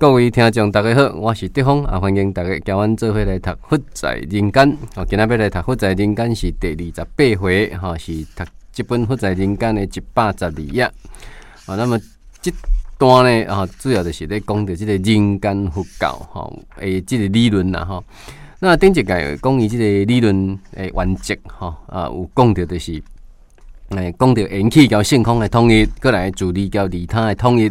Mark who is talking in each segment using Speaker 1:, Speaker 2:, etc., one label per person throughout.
Speaker 1: 各位聽眾，大家好，我是德風，啊，歡迎大家交阮做伙來讀《來佛在人間》。我今日要嚟讀《佛在人間》是第二十八回，吼是讀《即本佛在人間、啊》的一百十二頁。啊，那麼這段呢，啊，主要就是咧講着呢個人間佛教，吼、哦、誒，呢個理論啦、啊，吼那頂一屆講伊呢個理論誒原則，吼、哦、啊，有講到就是誒，講、哎、到緣起交性空嘅統一，閣來自利交利他嘅統一。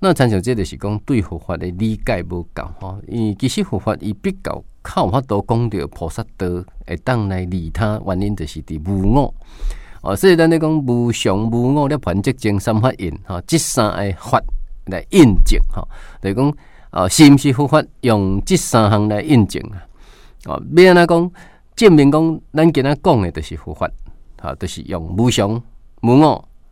Speaker 1: 那參照即係是講對佛法的理解唔夠，因伊其實佛法伊比較靠法度講到菩薩道，會當來利他。原因就是佇無我，哦，所以咱咧講無常無我咧，品質精神發願，哈，即三嘅法來印證，哈、就是，就講，哦，是毋是佛法用即三項來印證啊？要安尼講證明講，咱今仔講嘅就是佛法，吼、啊，就是用無常無我。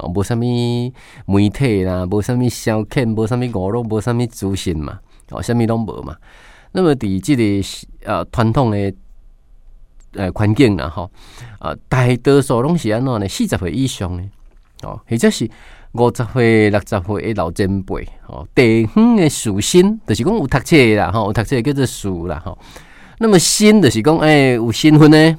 Speaker 1: 哦，無什物媒體啦，無什物消遣，無什物娛樂，無什物資訊嘛，哦，什物攏無嘛。那麼佇即、這個誒傳、啊、統嘅誒環境啦，吼啊大多數攏是安怎呢？四十歲以上嘅，哦，亦即是五十歲、六十歲嘅老前輩，吼、哦，地方嘅士紳，著、就是講有讀冊的啦，吼、哦、有讀冊叫做士啦，吼、哦。那麼紳，著是講誒，有身份的。